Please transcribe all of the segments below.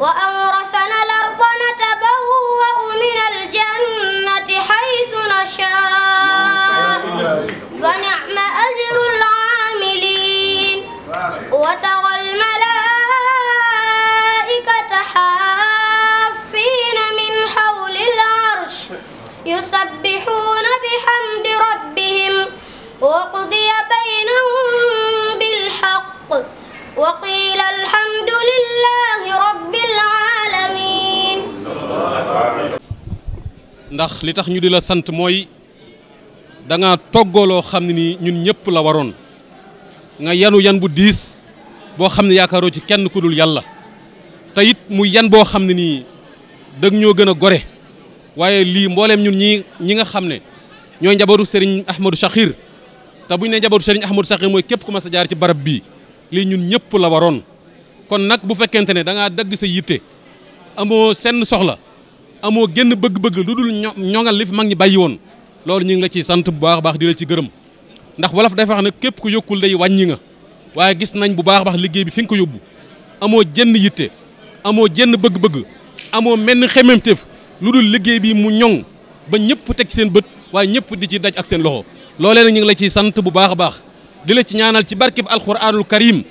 وأورثنا الأرض نتبوأ من الجنة حيث نشاء فنعم أجر العاملين وترى الملائكة حافين من حول العرش يسبحون بحمد ربهم وقضي ndax li tax ñu di la sant mooy danga nga toggooloo xam ne nii ñun ñëpp la waroon nga yanu yan bu diis boo xam ne yaakaaroo ci kenn ku dul yàlla te it mu yan boo xam ne nii dëgg ñoo gën a gore waaye lii mbooleem ñun ñi ñi nga xam ne ñooy njabootu Serigne Ahmadou Sakhir te buñ ne njabootu Serigne Ahmadou Sakhir mooy képp ku ma a jaar ci barab bii lii ñun ñëpp la waroon kon nag bu fekkente ne danga dagg sa yitte amoo senn soxla amoo génn bëgg-bëgg lu dul ñoŋal li fi mag ñi bàyyi woon loolu ñu ngi la ciy sant bu baax baax di la ci gërëm ndax wolof day wax ne képp ku yokkul day wàññi nga waaye gis nañ bu baax baax liggéey bi fi nga ko yóbbu amoo jenn yitte amoo jenn bëgg-bëgg amoo menn xememteef lu dul liggéey bi mu ñoŋ ba ñëpp teg seen bët waaye ñëpp di ci daj ak seen loxo loolee nag ñu ngi la ciy sant bu baax a baax di la ci ñaanal ci barkeb alxuraanul karim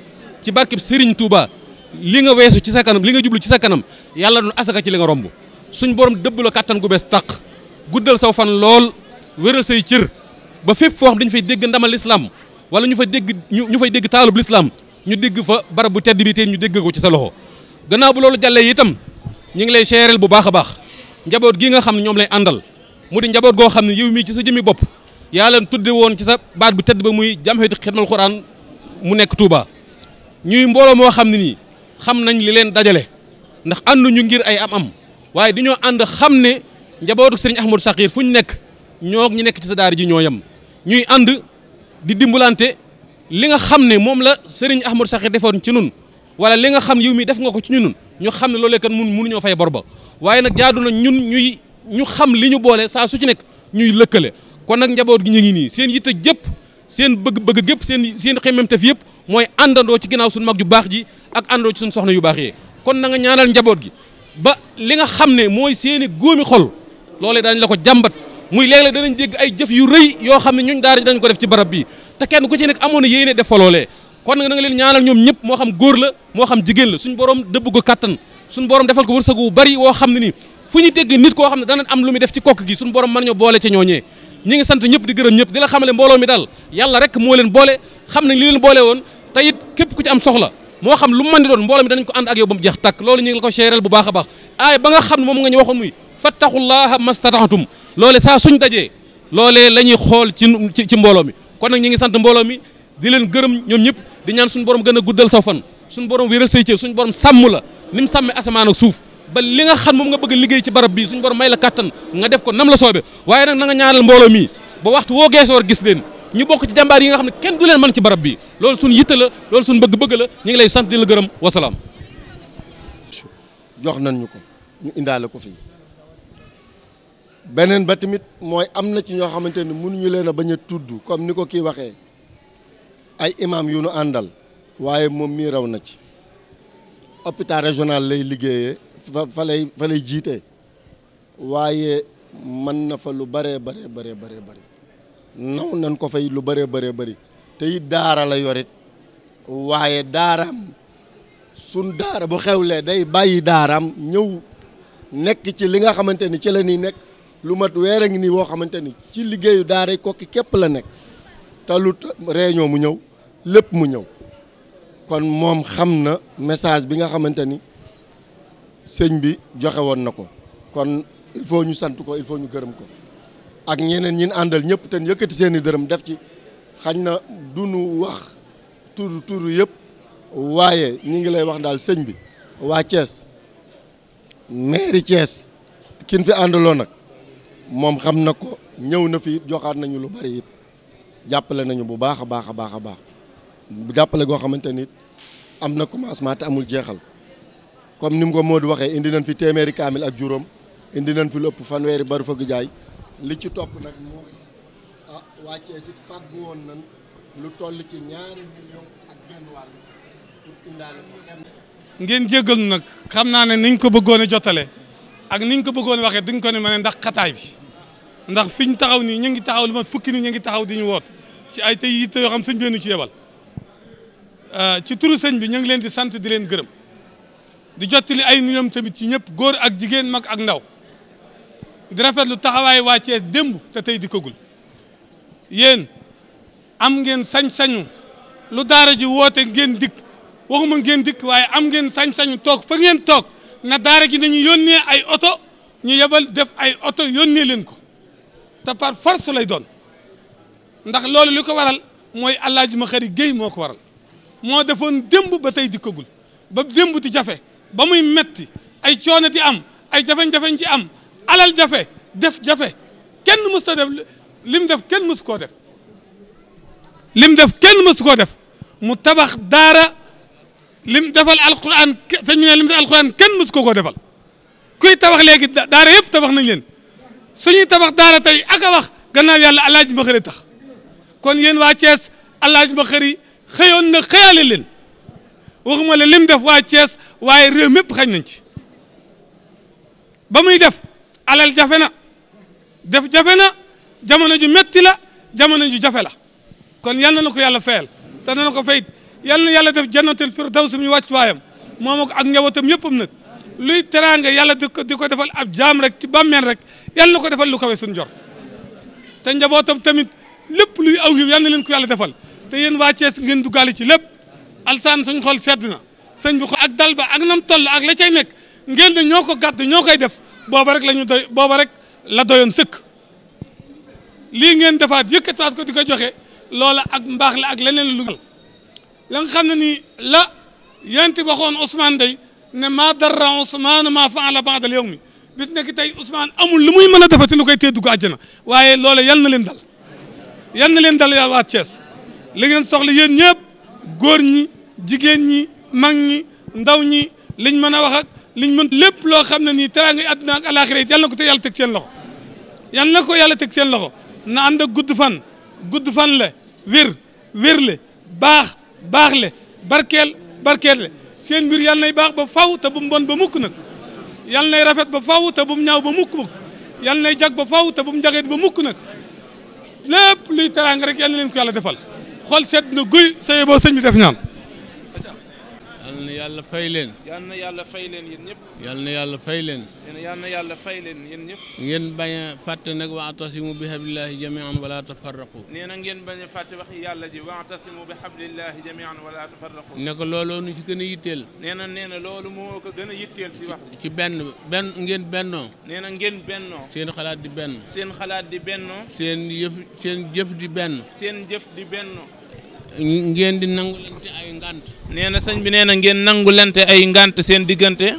ci barkeb Serigne Touba li nga weesu ci sa kanam li nga jublu ci sa kanam yàlla doon asaka ci li nga romb suñ borom dëbb la kàttan gu bees tàq guddal saw fan lool wéral say cër ba fépp foo xam dañu fay dégg ndama lislaam wala ñu fa dégg ñu fay dégg taalub lislaam ñu dégg fa barab bu tedd bi ñu dégg ko ci sa loxo gannaaw bu loolu jàllee itam ñu ngi lay seereel bu baax a baax njaboot gi nga xam ne ñoom lay àndal mu di njaboot goo xam ne yow mii ci sa jëmmi bopp yaa leen tudde woon ci sa baat bu tedd ba muy jamxeetu xidmal xuraan mu nekk Touba ñuy mbooloo moo xam ne nii xam nañ li leen dajale ndax ànduñu ngir ay am-am waaye di ñoo ànd xam ne njabootu sëriñ Ahmadou Sakhir fu ñu nekk ñoo ñu nekk ci sa daara ji ñoo yem ñuy ànd di dimbalante li nga xam ne moom la sëriñ Ahmadou Sakhir defoon ci nun wala li nga xam yow mii def nga ko ci ñun ñu xam ne loolee kan mun ñoo fay bor ba waaye nag jaadu na ñun ñuy ñu xam li ñu boole saa su ci nekk ñuy lëkkale kon nag njaboot gi ñu ngi nii seen yitte jëpp seen bëgg-bëgg gépp seen seen fi yëpp mooy àndandoo ci ginnaaw suñu mag ju baax ji ak àndandoo ci suñu soxna yu baax yi kon na nga ñaanal njaboot gi ba li nga xam ne mooy seeni góomi xol loole daañu la ko jambat muy léeg-léeg danañ dégg ay jëf yu rëy yoo xam ne ñun daara dañ ko def ci barab bi te kenn ku ci nekk amoon na yéene def fa kon nga na nga leen ñaanal ñoom ñëpp moo xam góor la moo xam jigéen la suñ borom dëbb ko kattan suñ borom defal ko wërsëg wu bari woo xam ne nii fu ñu dégg nit koo xam ne danañ am lu muy def ci kokk gi suñ borom mën ñoo boole ca ñooñee ñi ngi sant ñëpp di gërëm ñëpp di la xamale mbooloo mi daal yàlla rek moo leen boole xam nañ li leen boole te it képp ku ci am soxla moo xam lu mu mën di doon mbooloo mi danañ ko ànd ak yow ba mu jeex tàkk loolu ñu ngi la ko seereel bu baax a baax aay ba nga xam ne moom nga ñu waxoon muy fattaqullaha mastata'tum loole saa suñ dajee loolee la ñuy xool ci ci mbooloo mi kon nag ñu ngi sant mbooloo mi di leen gërëm ñoom ñëpp di ñaan suñu borom gën a guddal saw fan suñu borom wéral say cër suñ borom sàmm la ni mu sammee asamaan ak suuf ba li nga xam moom nga bëgg liggéey ci barab bii suñ borom may la kàttan nga def ko nam la soobe waaye nag na nga ñaanal mi ba waxtu woo gees war gis leen ñu bokk ci jàmbaar yi nga xam ne kenn du leen mën ci barab bi loolu suñu yitte la loolu suñu bëgg-bëgg la ñu ngi lay sant di la gërëm wasalaam. jox nañu ko ñu indaale ko fii beneen ba tamit mooy am na ci ñoo xamante ni mënuñu leen a bañ a tudd comme ni ko kii waxee ay imam yu nu àndal waaye moom mii raw na ci hôpital régional lay liggéeyee fa fa lay fa lay jiite waaye mën na fa lu bëree bare bare bare bare naw nañ ko fay lu bëree bëree bari te it daara la yorit waaye daaraam sun daara bu xewlee day bàyyi daaraam ñëw nekk ci li nga xamante ni ci la ñuy nekk lu mat weer a ngi nii woo xamante ni ci liggéeyu daara yi kokki képp la nekk te lu mu ñëw lépp mu ñëw kon moom xam na message bi nga xamante ni sëñ bi joxe woon na ko kon il faut ñu sant ko il faut ñu gërëm ko ak ñeneen ñin àndal ñëpp ten yëkkati seen i dërëm def ci xañ na dunu wax tur tur yépp waaye ñi ngi lay wax daal sëñ bi waa Thiès mairie Thiès kin fi àndaloo nag moom xam na ko ñëw na fi joxaat nañu lu bari it jàppale nañu bu baax a baax a baax a baax jàppale goo xamante ni am na commencement te amul jeexal comme ni mu ko Modou waxee indi nañ fi téeméeri kaamil ak juróom indi nañ fi lu ëpp fanweeri bari fëgg jaay li ci topp nag mooy ah waa Thiès it fàggu ci ñaari million ak ngeen jéggal nag xam naa ne niñ ko bëggoon a jotale ak niñ ko bëggoon waxee duñ ko ne ma ne ndax xataay bi ndax fi ñu taxaw nii ñu ngi taxaw li ma fukki ni ñu ngi taxaw di ñu woot ci ay tey yitte yoo xam sëñ ci yebal ah, ci turu sëñ bi ñu ngi leen di sant di leen gërëm di jottali ay nuyam tamit ci ñëpp góor ak jigéen mag ak ndaw di lu taxawaay waa Thiès démb te tey dikkagul yéen am ngeen sañ-sañu lu daara ji woote ngeen dikk waxuma ngeen dikk waaye am ngeen sañ-sañu toog fa ngeen toog na daara ji nañu yónnee ay oto ñu yebal def ay oto yónnee leen ko te par force lay doon ndax loolu li ko waral mooy Alaaji Maxari Géey moo ko waral moo defoon démb ba tey dikkagul ba démb di jafe ba muy metti ay coono di am ay jafe-jafe ci am alal jafe def jafe kenn mës a def lim def kenn mës koo def lim def kenn mës koo def mu tabax daara lim defal alquran te ñu ne lim def alquran kenn mës ko koo defal kuy tabax léegi daara yëpp tabax nañ leen suñuy tabax daara tey ak a wax gannaaw yàlla alaaji ma xëri tax kon yéen waa Thiès alaaji ma xëri xëyoon na xëyaale leen waxuma la lim def waa Thiès waaye réew mépp xañ nañ ci ba muy def alal jafe na def jafe na jamono ji metti la jamono ju jafe la kon yal na ko yàlla fayal te dana ko fayit yal na yàlla def jannatul firdaws suñu wàccuwaayam moom ak ak njabootam yëppam nag luy teraanga yàlla di ko di ko defal ab jaam rek ci bàmmeel rek yal na ko defal lu kawe suñu jor te njabootam tamit lépp luy aw yiw yal na leen ko yàlla defal te yéen waa Thiès ngeen duggaale ci lépp alsaan suñ xol sedd sëñ bi ko ak dal ak nam toll ak la cay nekk ngeen ne ñoo ko gàdd ñoo koy def booba rek la ñu booba rek la doyoon sëkk lii ngeen defaat yëkkataat ko di ko joxe loola ak mbaax la ak leneen lu la nga xam ne nii la yenti waxoon Ousmane day ne maa darra Ousmane maa faala baadal yow mi bis nekk tey Ousmane amul lu muy mën a defati lu koy tee dugg àjjana waaye loola yal na leen dal yal na leen dal yàlla waa Thiès li ngeen soxla yéen ñëpp góor ñi jigéen ñi mag ñi ndaw ñi liñ mën a wax liñ mën lépp loo xam ne nii teraanga yi àdduna alaaxira yal na ko te yàlla teg seen loxo yal ko yàlla teg seen loxo na ànd ak gudd fan gudd fan la wir wér le baax baax le barkeel barkeel le seen mbir yàlla nay baax ba faw te bu mu bon ba mukk nag yàlla nay rafet ba faw te bu mu ñaaw ba mukk mukk yàlla nay jag ba faw te bu mu jageet ba mukk nag lépp luy teraanga rek yal leen ko yàlla defal xool sedd na guy sa yeboo sëñ bi def ñaan na yàlla fay leen. yal na yàlla fay leen yéen ñëpp. yal na yàlla fay leen. yal na yàlla fay leen yéen ñëpp. ngeen bañ a fàtte nag waatasimu bi hablillahi jamian wala tafarraqu. nee na ngeen bañ a fàtte wax yàlla ji waatasimu bi hablillahi jamian wala tafarraqu. ne ko looloo nu ci gën a yitteel. nee na nee na loolu moo ko gën a yitteel si wax. ci benn benn ngeen bennoo. nee na ngeen bennoo. seen xalaat di benn. seen xalaat di bennoo. seen yëf seen jëf di benn. seen jëf di bennoo. ngeen di nangu ay ngant nee na sëñ bi nee ngeen nangu ay ngant seen diggante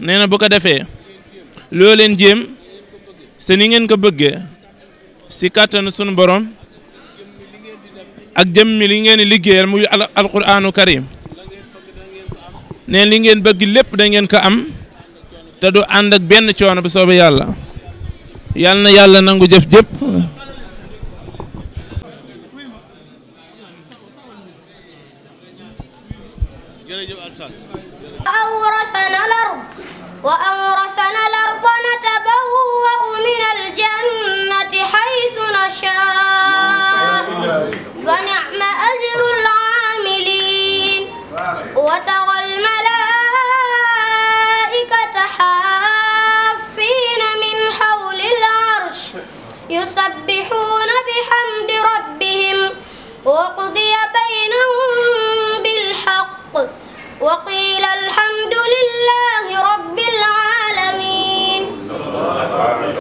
nee na bu ko defee loo leen jéem se ni ngeen ko bëggee si kàttanu sunu borom ak jëmmi li ngeen di liggéeyal muy alquraanu karim nee li ngeen bëgg lépp dangeen ngeen ko am te du ànd benn coono bu soobee yàlla yal na yàlla nangu jëf jépp وأورثنا الأرض نتبوأ من الجنة حيث نشاء فنعم أجر العاملين وترى الملائكة حافين من حول العرش يسبحون بحمد ربهم وقل